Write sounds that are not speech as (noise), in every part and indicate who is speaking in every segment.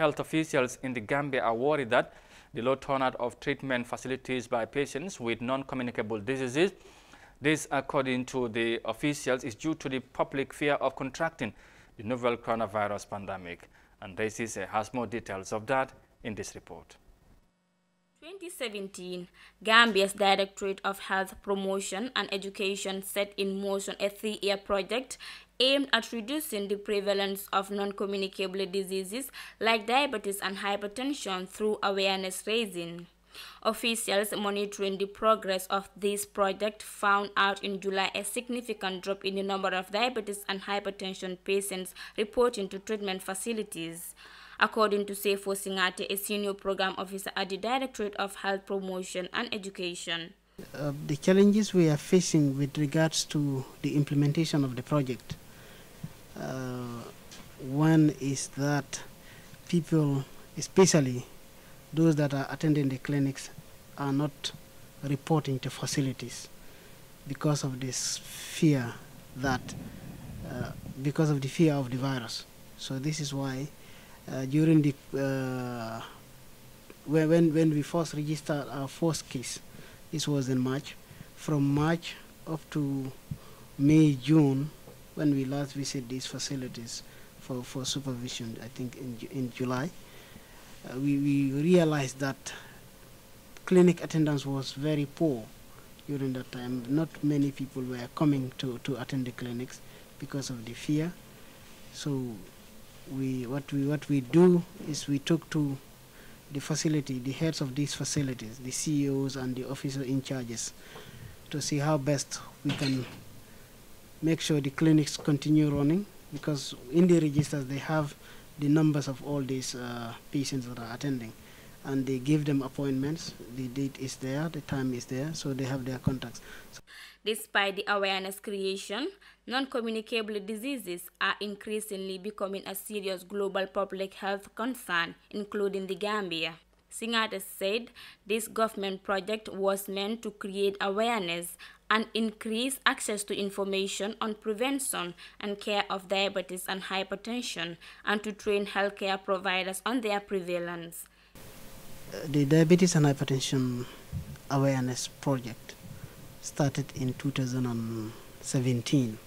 Speaker 1: Health officials in the Gambia are worried that the low turnout of treatment facilities by patients with non-communicable diseases. This, according to the officials, is due to the public fear of contracting the novel coronavirus pandemic. And this uh, has more details of that in this report.
Speaker 2: 2017, Gambia's Directorate of Health Promotion and Education set in motion a three-year project aimed at reducing the prevalence of non-communicable diseases like diabetes and hypertension through awareness raising. Officials monitoring the progress of this project found out in July a significant drop in the number of diabetes and hypertension patients reporting to treatment facilities. According to Seifo Singate, a senior program officer at the Directorate of Health Promotion and Education.
Speaker 3: Uh, the challenges we are facing with regards to the implementation of the project uh, one is that people, especially those that are attending the clinics, are not reporting to facilities because of this fear that, uh, because of the fear of the virus. So this is why uh, during the, uh, when, when we first registered our first case, this was in March, from March up to May, June, when we last visited these facilities for, for supervision, I think in, in July, uh, we, we realized that clinic attendance was very poor during that time. Not many people were coming to, to attend the clinics because of the fear. So we what we what we do is we talk to the facility, the heads of these facilities, the CEOs and the officer in charges to see how best we can make sure the clinics continue running because in the registers they have the numbers of all these uh, patients that are attending and they give them appointments the date is there the time is there so they have their contacts so
Speaker 2: despite the awareness creation non-communicable diseases are increasingly becoming a serious global public health concern including the gambia singata said this government project was meant to create awareness and increase access to information on prevention and care of diabetes and hypertension, and to train healthcare providers on their prevalence.
Speaker 3: Uh, the Diabetes and Hypertension Awareness Project started in 2017,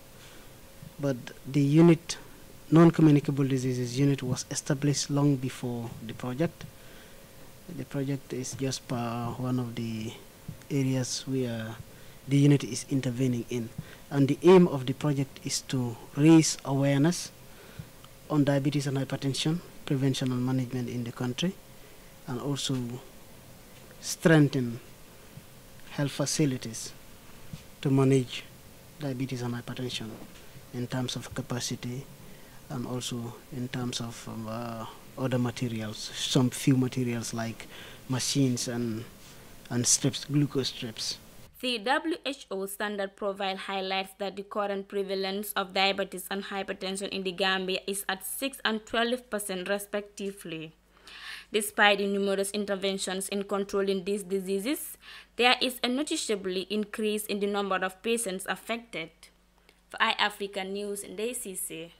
Speaker 3: but the unit non-communicable diseases unit was established long before the project. The project is just one of the areas we are the unit is intervening in. And the aim of the project is to raise awareness on diabetes and hypertension, prevention and management in the country, and also strengthen health facilities to manage diabetes and hypertension in terms of capacity and also in terms of um, uh, other materials, some few materials like machines and, and strips, glucose strips.
Speaker 2: The WHO standard profile highlights that the current prevalence of diabetes and hypertension in the Gambia is at 6 and 12% respectively. Despite the numerous interventions in controlling these diseases, there is a noticeable increase in the number of patients affected. For iAfrica News, ACC.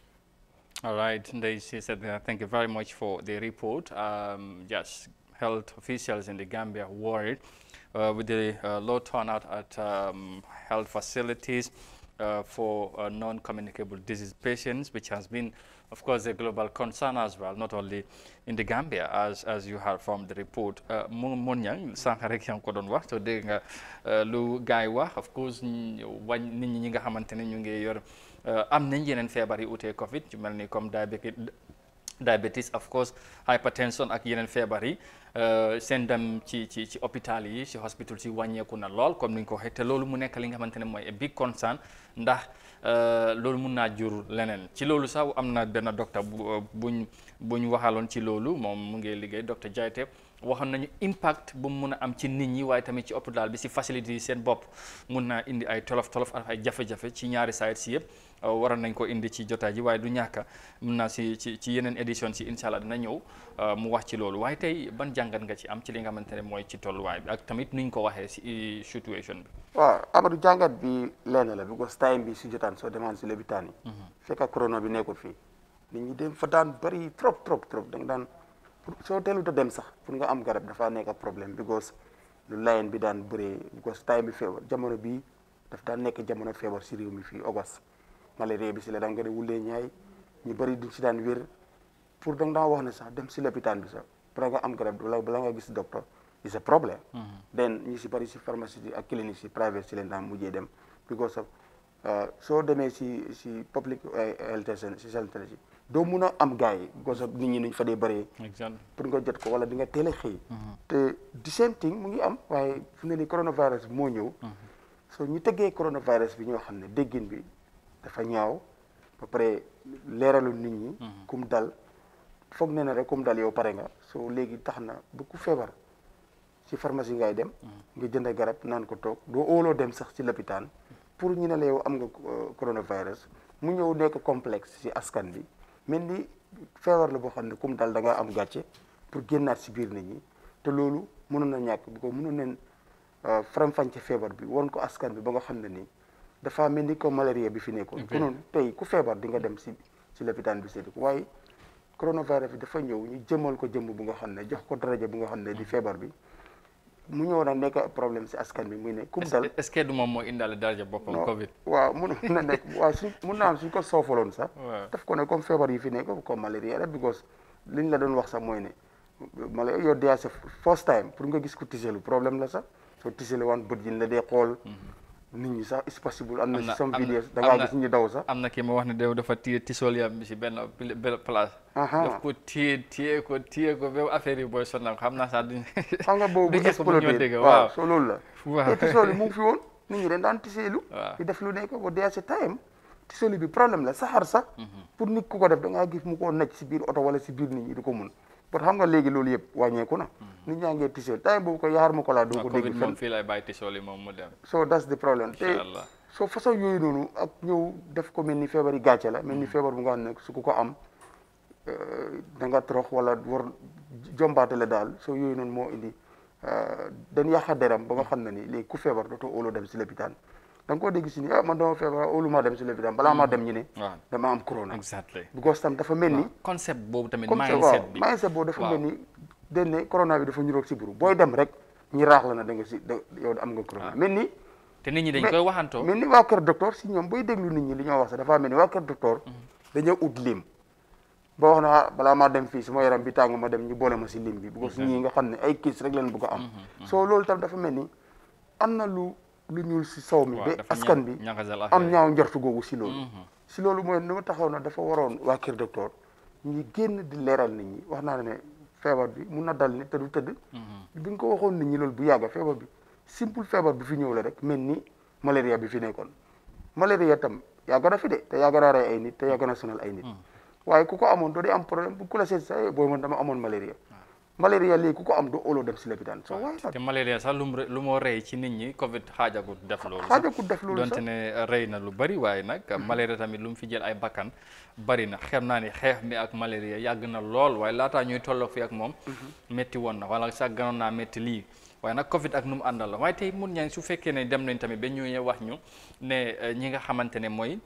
Speaker 1: All right, NDCC, thank you very much for the report. Um, yes health officials in the Gambia worried uh, with the uh, low turnout at um, health facilities uh, for uh, non-communicable disease patients, which has been, of course, a global concern as well, not only in the Gambia, as as you have from the report. mu mun ñang sànq rek yaa ngi ko doon wax nga lu gaay wax of course wañ nit ñi nga xamante ne ñu ngi yor am nañ yeneen feebar yi utee COVID ci mel ni comme diabète diabetes of course hypertension ak yeneen feebar yi euh, seen dem ci ci ci hôpital yi ci hospital si wàññeeku na lool comme ni ñu ko waxee te loolu mu nekk li nga xamante ne mooy big concern ndax euh, loolu mun naa jur leneen ci loolu sax am na benn docteur bu euh, buñ buñ waxaloon ci loolu moom mu ngi liggéey docteur Jaite waxoon nañu impact bu mu mun a am ci nit ñi waaye tamit ci hôpital bi si facilité seen bopp mun naa indi ay tolof tolof ak ay jafe-jafe ci ñaari side si yëpp euh, waroon nañ ko indi ci jotaay ji waaye ci ci yeneen édition si incha euh, nga ci am ci li nga xamante ne mooy ci tolluwaay bi ak tamit nuñ ko waxee si situation bi.
Speaker 4: waaw Amadou jàngat bi lenn la because time bi si jotaan soo demaan si lopitaan mhm. daan. So tell to a dem sax pour nga am garab dafa nekk problem because lu line bi dan bëree because time bi feebar jamono bi daf daan nek jamono feebar ci réew mi fii ogas malaria bi ci la dang nga wulé ñay ñu bari duñ ci dan pour daa wax na sax dem ci l'hôpital bi sax pour nga am garab wala bala nga gis docteur is a problem, mm-hmm. then ñi si bari si pharmacie ak clinique si private ci leen daan dem because of uh, so demee si si public eh, health si santé si do am gay yi gosa nit ñi ñu fa dee exemple pour nga jot ko wala di nga télé xé té di the same thing mu ngi am waye fu né ni coronavirus mo ñew mhm. so ñu téggé coronavirus bi ñoo xamné déggine bi dafa ñaaw ba paré léralu nit ñi mhm. kum dal fokk né na rek kum dal yow paré nga so légui taxna na bu ku si ci pharmacie ngay dem mhm. nga jënd garab nan ko tok do olo dem sax ci l'hôpital pour ñu né la yow am nga euh, coronavirus mu ñew nek complexe ci askan bi mel ni feebar la boo xam ne comme daal da ngaa am gàcce pour génnaat si biir nit ñi te loolu mënoon na ñàkk bu ko mënoon neen euh, faram ci feebar bi wan ko askan bi ba nga xam ne nii dafa mel ni comme malaria bi fi nekkoon. ku noonu tey ku feebar di nga dem si si lopitaan bi seeti ko waaye coronavirus bi dafa ñëw ñu jëmal ko jëmm bu nga xam ne jox ko daraja bu nga xam ne di feebar bi. mu ñëw nag nekk problème si askan bi muy ne. kum dal
Speaker 1: est-ce du moom mooy indaal daraja boppam. Covid
Speaker 4: waaw mun na nekk (laughs) waaw su mun naa am suñ ko soofaloon sax. daf ko ne comme feebar yi fi nekk comme malaria rek because liñ la doon wax sax mooy ne malaria yow dee sa first time pour nga gis ko tiselu problème la sax soo tiselu waan bët yi la dee xool. Mhm. nit ñi sax it's possible am na si some videos da ngaa gis ñu daw
Speaker 1: sax am na ki ma wax ne de dafa téye tisool si benn benn place daf ko téye téye ko téye affaire yi booy sonal xam naa sax duñ (laughs)
Speaker 4: xam nga boobu bu so loolu
Speaker 1: la
Speaker 3: waaw tisool yi mu ngi
Speaker 4: fi woon nit ñi dañ daan tiseelu def lu nekk ko dee si time tisool bi problème la saxaar sax mhm. pour nit ku ko def da ngaa mu koo nekk si biir oto wala si biir nit ñi di ko mun but xam nga léegi loolu yëpp wàññeeku na mm-hmm. nit ñaa ngee tisool time boobu ko yaar ma ko laa doo ko dégg fenn fii
Speaker 1: lay bàyyi tisool yi moom mu dem
Speaker 4: so that's the problem te so façon yooyu noonu ak ñëw def ko mel ni feebar yi gàcce la mel ni mm-hmm. feebar bu nga xam ne su ko ko am eh, da nga trox wala war jombaate la daal so yooyu noonu moo indi eh, dañ yàq deram ba nga xam ne ni léegi ku feebar dootoo óoloo dem si lopitaan dang ko deg suñu ah man dama feebar óolu maa dem si l'hôpital bala ma dem dama am corona. exactly because tam dafa melni
Speaker 1: concept bobu tamit mindset bi mindset
Speaker 4: bobu dafa melni ni. corona bi dafa rok ci buru boy dem rek ñi raax la na da nga ci yow am nga corona Meni, ni.
Speaker 1: te nit ñi dañ koy waxanto melni wa
Speaker 4: kër docteur si ñoom booy déglu nit ñi li ñoo wax dafa melni wa kër docteur. Mm-hmm. dañu ut lim. bo wax na balaa dem fi suma yaram bi tangu ma dem ñu bolé ma ci lim bi. bu ko ñi nga ay kiss rek leen bu ko am. Mm-hmm. Mm-hmm. so loolu tam dafa melni amna lu lu ñuul si sow mi ba askan bi am ñaaw njortu googu si loolu mhm. si loolu mooy nu ma taxaw na dafa waroon waa Kër Docteur ñu génn di leeral nit ñi wax naa ne feebar bi mun na dal ni te du tëdd mhm. bi nga ko waxoon nit ñi loolu bu yàgga feebar bi simple feebar bi fi ñëw rek mel ni malaria bi fi nekkoon malaria tam yàgg na fi de te yàgg na rey ay nit te yàgg na ay nit mhm. waaye ku ko amoon doo di am problème bu ku la seet sa eh, booy man dama amoon malaria malaria lii ku ko am du olo dem si lopitaan so
Speaker 1: te malaria sax lu lu moo rey ci nit ñi covid xaajagut def loolu xaajagut def loolu donte ne rey na lu bari waaye nag malaria tamit lu mu fi jël ay bakkan bari na xam naa ni xeex mi ak malaria yàgg na lool waaye laataa ñuy tolloo fi ak moom métti mhm. woon na wala sax gënoon naa métti lii waaye nag covid ak nu mu àndal la waaye tey ñaa ngi su fekkee ne dem nañ tamit ba ñëwee wax ñu ne eh, ñi nga xamante ne mooy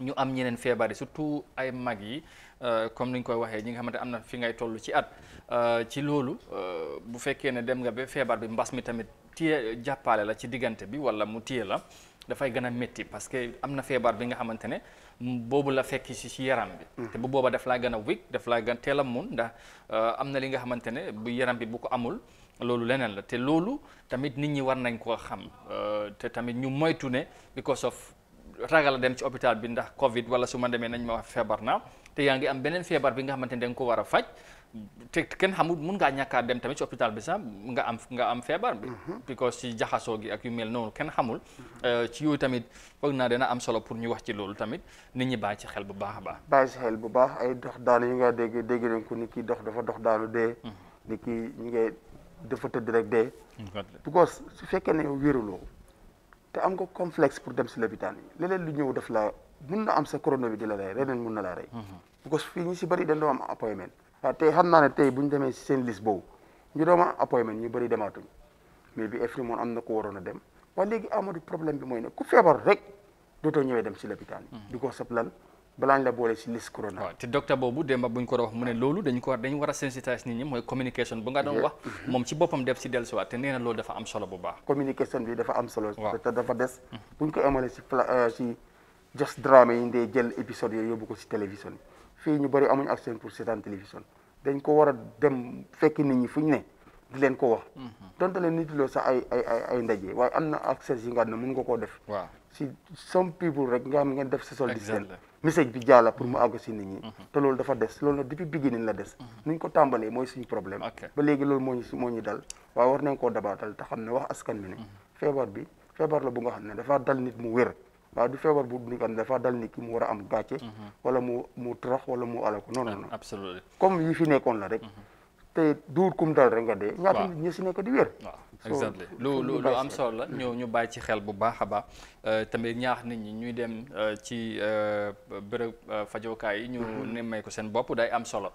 Speaker 1: ñu am ñeneen feebar surtout ay mag yi Euh, comme niñ koy waxé ñi nga xamanté amna fi ngay tollu ci at euh, ci loolu euh, bu né dem nga be fébar bi mbass mi tamit téye jappalé la ci diganté bi wala mu tié la da fay gëna metti parce que amna fébar bi nga xamanté né bobu la fekk si ci yaram bi. Mm. te bu boba daf laa gëna wik da daf laa gën teel a mun ndax am li nga xamanté né bu yaram bi bu ko amul. lolu leneen la te lolu tamit nit ñi war nañ ko xam te tamit ñu moytu because of ragal dem ci hôpital bi ndax Covid wala suma ma nañ ma wax na te yaa am benen febar bi nga xamanteni dang ko wara fajj te ken xamul mun mhm. eh, nga ñaka dem tamit ci hôpital bi sax nga am nga am febar bi because ci jaxaso gi ak yu mel non ken xamul ci yoy tamit foog naa dana am solo pour ñu wax ci lolu tamit nit ñi ba ci xel bu baax ba
Speaker 4: ba ci xel bu baax ay dox daal yi nga dégg dégg nañ ko niki ki dox dafa dox daanu de mhm. niki ñi ngay dafa teud rek mhm, de because su fekkene ne yow wéruloo te am nga complexe pour dem ci l'hôpital yi leneen lu ñëw daf la mun na am sa corona bi di la rey reneen mun na laa rey parce mhm. que fii ñu si bëri dañ doon am appointment waaw xam naa ne tey bu demee si seen liste boobu ñu appointment ñu bëri demaatuñ mais bi efri moom am na ko waroon a dem waaye léegi Amadou problème bi mooy ne ku feebar rek dootoo ñëwee dem si lopitaan bi di ko sab lan balaañ la boole si liste corona. waaw
Speaker 1: te docteur boobu démba ko doon wax mu ne loolu dañu ko war dañu war a sensitise nit ñi mooy communication bu nga doon wax mhm. moom ci boppam def si dellusiwaat te nee loolu dafa am solo bu baax
Speaker 4: communication just drama yi ndee jël épisode yooyu yóbbu ko si télévision fii ñu bëri amuñu accès pour seetaan télévision dañ ko war a dem fekk nit ñi fu ñu ne di leen ko wax. Mhm. donte leen nit loo sax ay ay ay ay ndaje waaye am na accès yi nga xam ne mën nga koo def. waaw si some people rek nga xam ngeen def social distance. message bi jaala pour mu àgg si nit ñi. Mhm. te loolu dafa des loolu nag depuis beginning la des. Mhm. ni ñu ko tàmbalee mooy suñu problème. ba léegi loolu moo ñu moo ñu dal waaye war nañ ko dabaatal te xam ne wax askan bi ne. feebar bi feebar la bu xam ne dafa dal nit mu wér. waaw du feebar bu dund dafa dal ni ki mu war a am gàcce. Mhm. wala mu mu trax wala mu ala ko non non non. absolument comme yi fi nekkoon la rek. Mhm. te duur kum dal rek nga dee. waaw ñaata ñi si nekk di wér. exactly lu lu lu am solo
Speaker 1: la ñu ñu bàyyi ci xel bu baax a baax euh, tamit ñaax nit ñi ñuy dem euh, ci euh, bërëb fajookaay yi ñu mhm. nemmee ko seen bopp day am solo